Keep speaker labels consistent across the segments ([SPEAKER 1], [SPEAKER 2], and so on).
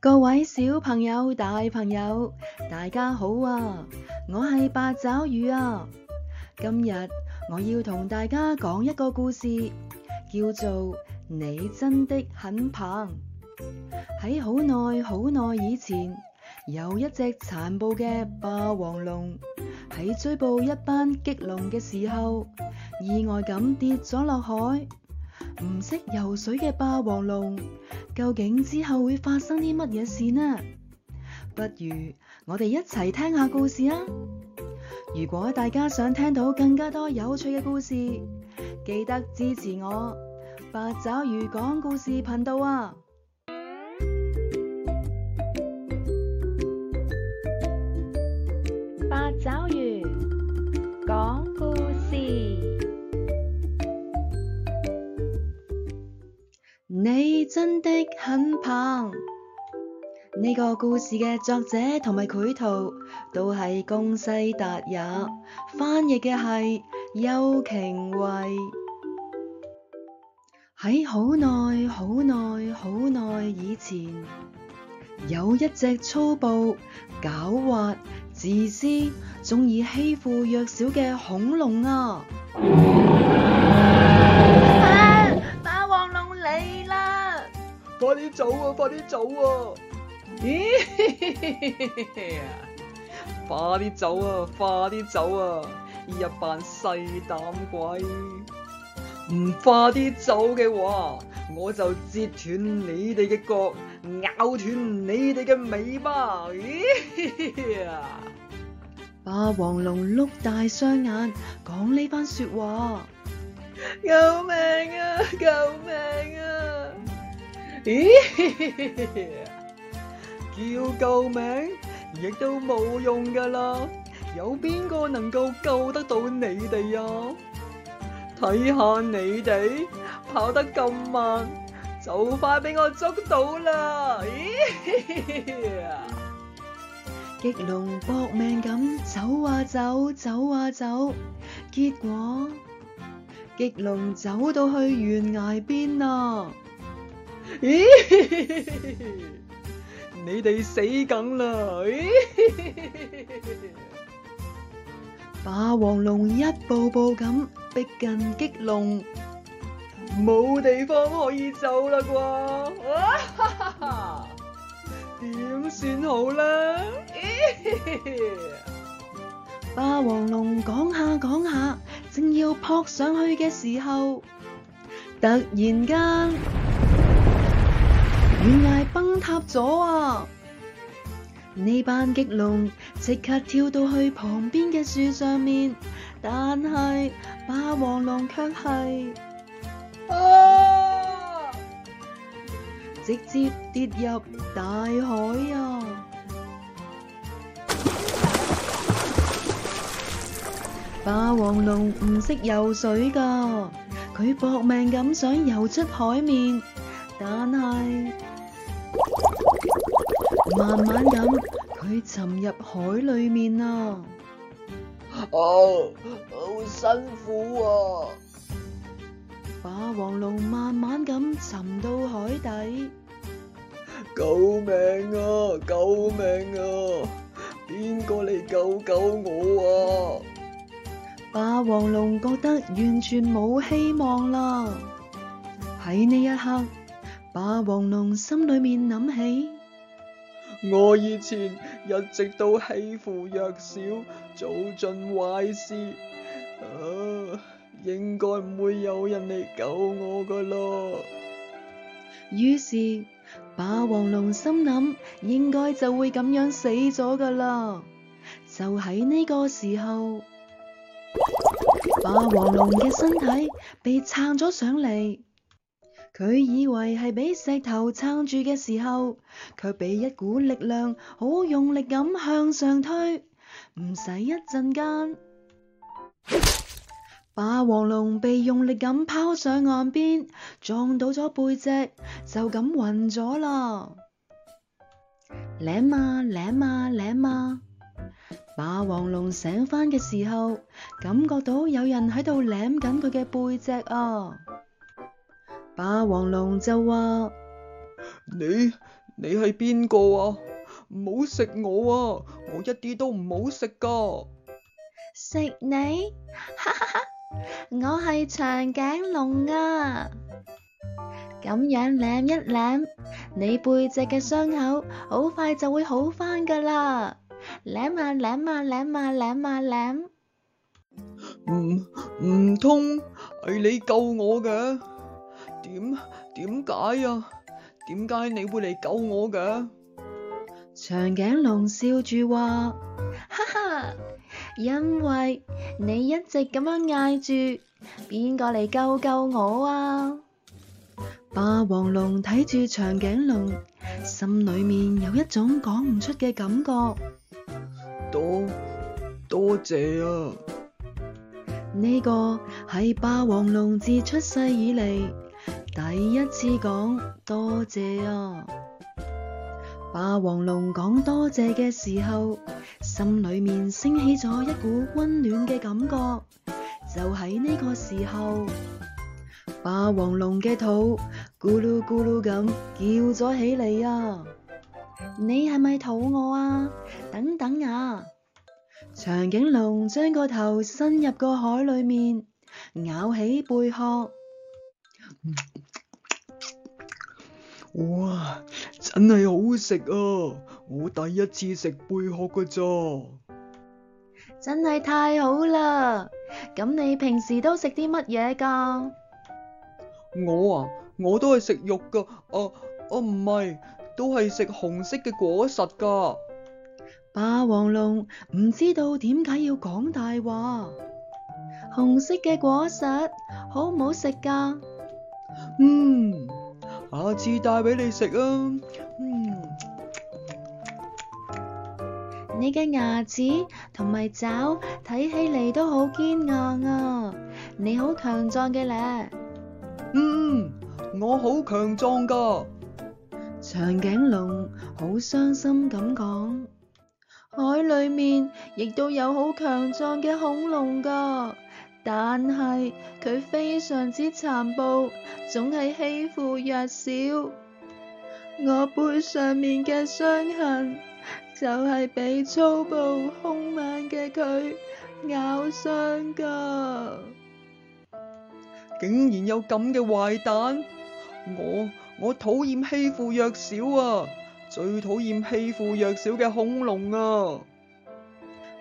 [SPEAKER 1] 各位小朋友、大朋友，大家好啊！我係八爪魚啊！今日我要同大家講一個故事，叫做《你真的很棒》。喺好耐好耐以前，有一隻殘暴嘅霸王龍喺追捕一班戟龍嘅時候，意外咁跌咗落海。唔識游水嘅霸王龍，究竟之後會發生啲乜嘢事呢？不如我哋一齊聽下故事啊！如果大家想聽到更加多有趣嘅故事，記得支持我八爪魚講故事頻道啊！八爪魚講故事。你真的很棒。呢、這個故事嘅作者同埋繪圖都係宮西達也，翻譯嘅係邱瓊慧。喺好耐好耐好耐以前，有一隻粗暴、狡猾、自私、鍾意欺負弱小嘅恐龍啊！ 快啲走啊！快
[SPEAKER 2] 啲走啊！咦， 快啲走啊！快啲走啊！呢班細膽鬼，唔快啲走嘅話，我就折斷你哋嘅角，咬斷你哋嘅尾巴。咦 ，
[SPEAKER 1] 霸王龍碌大雙眼，講呢番說話。救命啊！救命啊！咦，
[SPEAKER 2] 叫救命亦都冇用噶啦！有邊個能夠救得到你哋啊？睇下你哋跑得咁慢，就快俾我捉到啦！咦，
[SPEAKER 1] 戟龍搏命咁走啊走，走啊走，結果戟龍走到去懸崖邊啦。咦，
[SPEAKER 2] 你哋死梗啦！
[SPEAKER 1] 霸王龍一步步咁逼近戟龍，
[SPEAKER 2] 冇地方可以走啦啩！
[SPEAKER 1] 點 算好啦？咦，霸王龍講下講下，正要撲上去嘅時候，突然間。懸崖崩塌咗啊！呢班戟龍即刻跳到去旁邊嘅樹上面，但係霸王龍卻係、啊、直接跌入大海啊！霸王龍唔識游水噶，佢搏命咁想游出海面。但係，慢慢咁佢沉入海裏面啦。哦，好辛苦啊！霸王龍慢慢咁沉到海底。
[SPEAKER 2] 救命啊！救命啊！邊個嚟救救我啊？
[SPEAKER 1] 霸王龍覺得完全冇希望啦。喺呢一刻。霸王龍心裏面諗起：
[SPEAKER 2] 我以前一直都欺負弱小，做盡壞事，啊，應該唔會有人嚟救我噶啦。
[SPEAKER 1] 於是，霸王龍心諗，應該就會咁樣死咗噶啦。就喺呢個時候，霸王龍嘅身體被撐咗上嚟。佢以為係俾石頭撐住嘅時候，卻俾一股力量好用力咁向上推，唔使一陣間，霸王龍被用力咁拋上岸邊，撞到咗背脊，就咁暈咗啦！舐啊舐啊舐啊！霸王龍醒翻嘅時候，感覺到有人喺度舐緊佢嘅背脊啊！霸王龍就話：
[SPEAKER 2] 你你係邊個啊？唔好食我啊！我一啲都唔好食噶。
[SPEAKER 1] 食你？哈哈哈！我係長頸龍啊！咁樣舐一舐，你背脊嘅傷口好快就會好翻噶啦！舐啊舐啊舐啊舐啊舐！唔
[SPEAKER 2] 唔通係你救我嘅？點點解啊？點解你會嚟
[SPEAKER 1] 救我㗎？長頸龍笑住話：「哈哈，因為你一直咁樣嗌住，邊個嚟，救救我啊？霸王龍睇住長頸龍，心裏面有一種講唔出嘅感覺。
[SPEAKER 2] 多多謝啊！
[SPEAKER 1] 呢個係霸王龍自出世以嚟，第一次講多謝啊！霸王龍講多謝嘅時候，心裏面升起咗一股温暖嘅感覺。就喺呢個時候，霸王龍嘅肚咕嚕咕嚕咁叫咗起嚟啊！你係咪肚餓啊？等等啊！長頸龍將個頭伸入個海裏面，咬起貝殼。嗯
[SPEAKER 2] 哇，真係好食啊！我第一次食貝殼噶咋，
[SPEAKER 1] 真係太好啦！咁你平時都食啲乜嘢噶？
[SPEAKER 2] 我啊，我都係食肉噶，啊啊唔係，都係食紅色嘅果實噶。
[SPEAKER 1] 霸王龍唔知道點解要講大話，紅色嘅果實好唔好食噶？嗯。
[SPEAKER 2] 下次帶俾你食啊！嗯，
[SPEAKER 1] 你嘅牙齒同埋爪睇起嚟都好堅硬啊！你好強壯嘅咧？嗯，我好強壯噶。長頸龍好傷心咁講，海裏面亦都有好強壯嘅恐龍噶。但係佢非常之殘暴，總係欺負弱小。我背上面嘅傷痕，就係俾粗暴兇猛嘅佢咬傷㗎。
[SPEAKER 2] 竟然有咁嘅壞蛋！我，我討厭欺負弱小啊，最討厭欺負弱小嘅恐龍啊！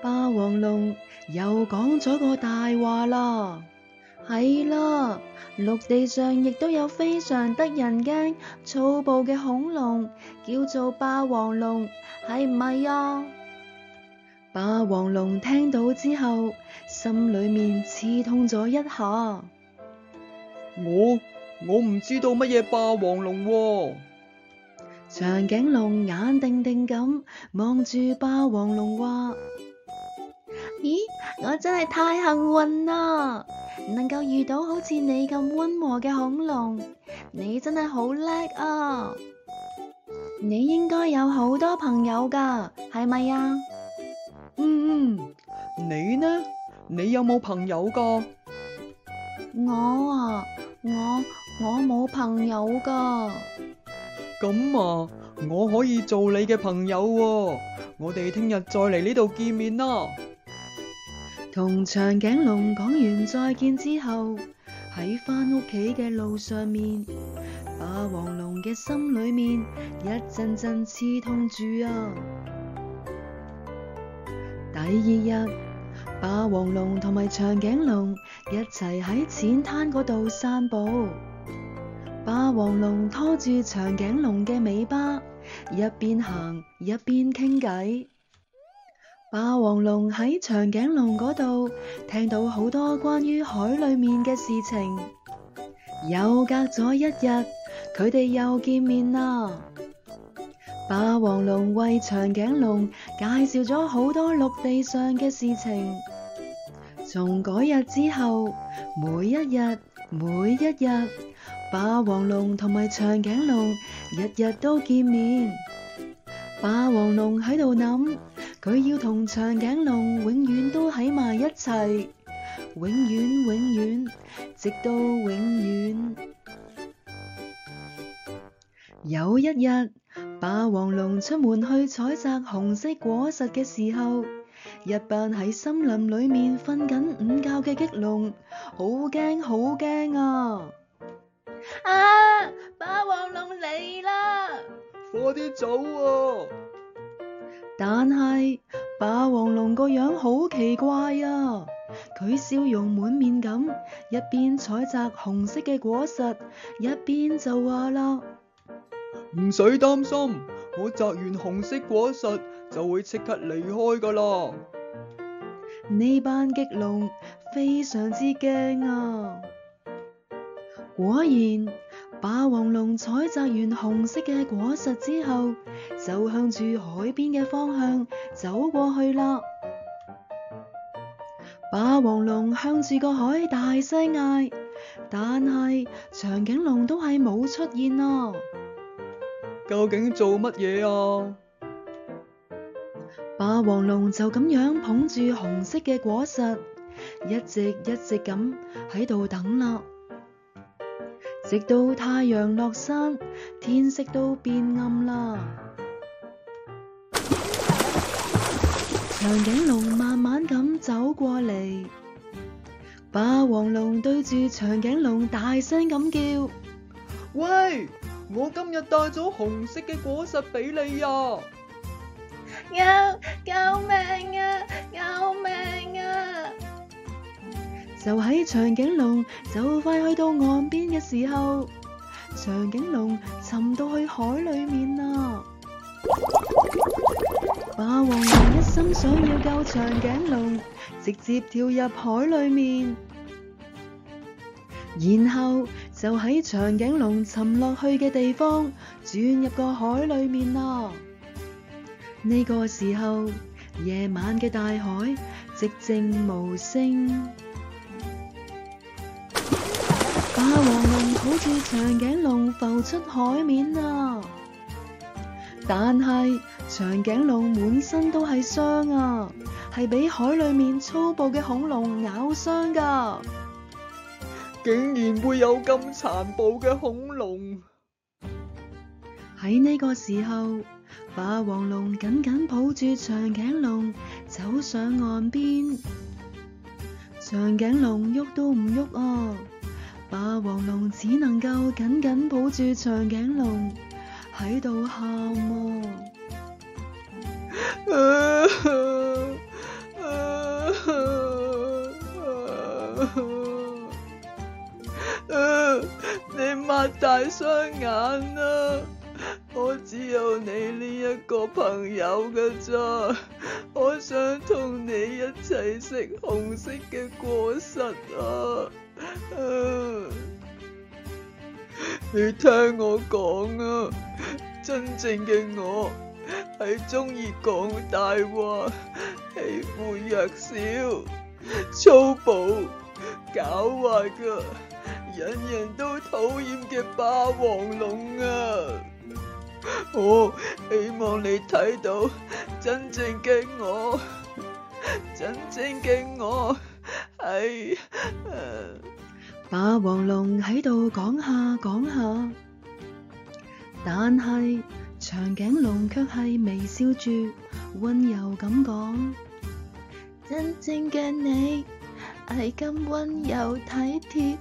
[SPEAKER 1] 霸王龍又講咗個大話啦。係啦，陸地上亦都有非常得人驚粗暴嘅恐龍，叫做霸王龍，係唔係啊？霸王龍聽到之後，心裏面刺痛咗一下。我
[SPEAKER 2] 我唔知道乜嘢霸王龍啊。
[SPEAKER 1] 長頸龍眼定定咁望住霸王龍話。咦，我真係太幸運啦，能夠遇到好似你咁温和嘅恐龍。你真係好叻啊！你應該有好多朋友噶，係咪啊？嗯嗯，
[SPEAKER 2] 你呢？你有冇朋友噶？我啊，
[SPEAKER 1] 我我冇朋友噶。
[SPEAKER 2] 咁啊，我可以做你嘅朋友喎。我哋聽日再嚟呢度見面囉。
[SPEAKER 1] 同長頸龍講完再見之後，喺翻屋企嘅路上面，霸王龍嘅心裏面一陣陣刺痛住啊！第二日，霸王龍同埋長頸龍一齊喺淺灘嗰度散步，霸王龍拖住長頸龍嘅尾巴，一邊行一邊傾偈。霸王龍喺長頸龍嗰度聽到好多關於海裏面嘅事情。又隔咗一日，佢哋又見面啦。霸王龍為長頸龍介紹咗好多陸地上嘅事情。從嗰日之後，每一日每一日，霸王龍同埋長頸龍日日都見面。霸王龍喺度諗。佢要同長頸龍永遠都喺埋一齊，永遠永遠，直到永遠。 有一日，霸王龍出門去採摘紅色果實嘅時候，一班喺森林裏面瞓緊午覺嘅戟龍，好驚好驚啊！啊！霸王龍嚟啦！
[SPEAKER 2] 快啲走啊！
[SPEAKER 1] 但係霸王龍個樣好奇怪啊！佢笑容滿面咁，一邊採摘紅色嘅果實，一邊就話啦：唔使擔
[SPEAKER 2] 心，我摘完紅色果實就會即刻離開㗎喇。
[SPEAKER 1] 呢班戟龍非常之驚啊！果然。霸王龍採集完紅色嘅果實之後，就向住海邊嘅方向走過去啦。霸王龍向住個海大聲嗌，但係長頸龍都係冇出現啊！
[SPEAKER 2] 究竟做乜嘢啊？
[SPEAKER 1] 霸王龍就咁樣捧住紅色嘅果實，一直一直咁喺度等啦。直到太陽落山，天色都變暗啦。長頸龍慢慢咁走過嚟，霸王龍對住長頸龍大聲咁叫，喂，我今日帶咗紅色嘅果實俾你啊！救救命啊！救命！就喺長頸龍就快去到岸邊嘅時候，長頸龍沉到去海裏面啦。霸王龍一心想要救長頸龍，直接跳入海裏面，然後就喺長頸龍沉落去嘅地方轉入個海裏面啦。呢、這個時候，夜晚嘅大海寂靜無聲。霸王龍抱住長頸龍浮出海面啊！但係長頸龍滿身都係傷啊，係俾海裏面粗暴嘅恐龍咬傷噶。竟然會有咁殘暴嘅恐龍！喺呢個時候，霸王龍緊緊抱住長頸龍，走上岸邊。長頸龍喐都唔喐啊。霸王龍只能夠緊緊抱住長頸龍喺度喊啊！
[SPEAKER 2] 你擘大雙眼啦啊，我只有你呢一個朋友嘅咋？我想同你一齊食紅色嘅果實啊！啊、你聽我講啊，真正嘅我係中意講大話，欺負弱小，粗暴、狡猾嘅，人人都討厭嘅霸王龍啊！我希望你睇到真正嘅我，真正嘅我。哎、
[SPEAKER 1] 霸王龍喺度講下講下，但係長頸龍卻係微笑住，溫柔咁講：真正嘅你係咁溫柔體貼，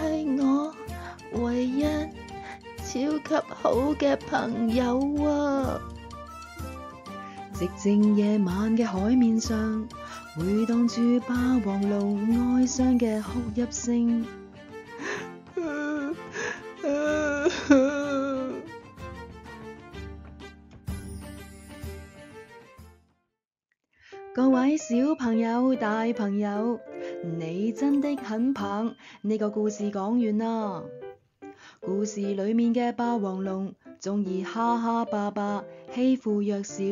[SPEAKER 1] 係我唯一超級好嘅朋友啊！寂靜夜晚嘅海面上。回蕩住霸王龍哀傷嘅哭泣聲。 各位小朋友、大朋友，你真的很棒！呢個故事講完啦，故事裏面嘅霸王龍。鍾意蝦蝦霸霸，欺負弱小。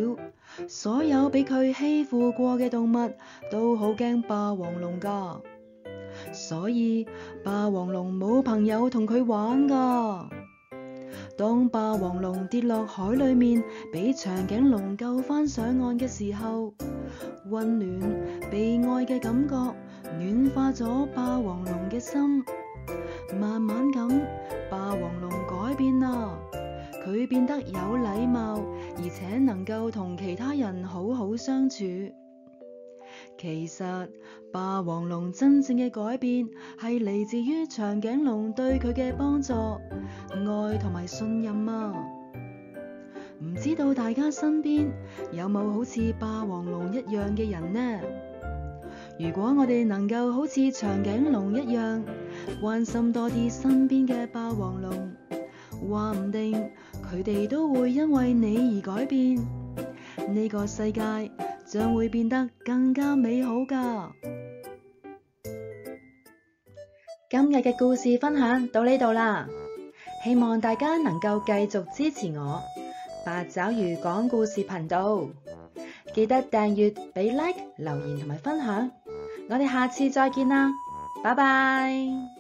[SPEAKER 1] 所有俾佢欺負過嘅動物都好驚霸王龍㗎，所以霸王龍冇朋友同佢玩㗎。當霸王龍跌落海裏面，俾長頸龍救返上岸嘅時候，溫暖被愛嘅感覺，暖化咗霸王龍嘅心，慢慢咁，霸王龍改變啦。佢變得有禮貌，而且能夠同其他人好好相處。其實霸王龍真正嘅改變係嚟自於長頸龍對佢嘅幫助、愛同埋信任啊！唔知道大家身邊有冇好似霸王龍一樣嘅人呢？如果我哋能夠好似長頸龍一樣，關心多啲身邊嘅霸王龍。話唔定佢哋都會因為你而改變，呢個世界將會變得更加美好噶。今日嘅故事分享到呢度啦，希望大家能夠繼續支持我八爪魚講故事頻道，記得訂閱、俾 like、留言同埋分享，我哋下次再見啦，拜拜。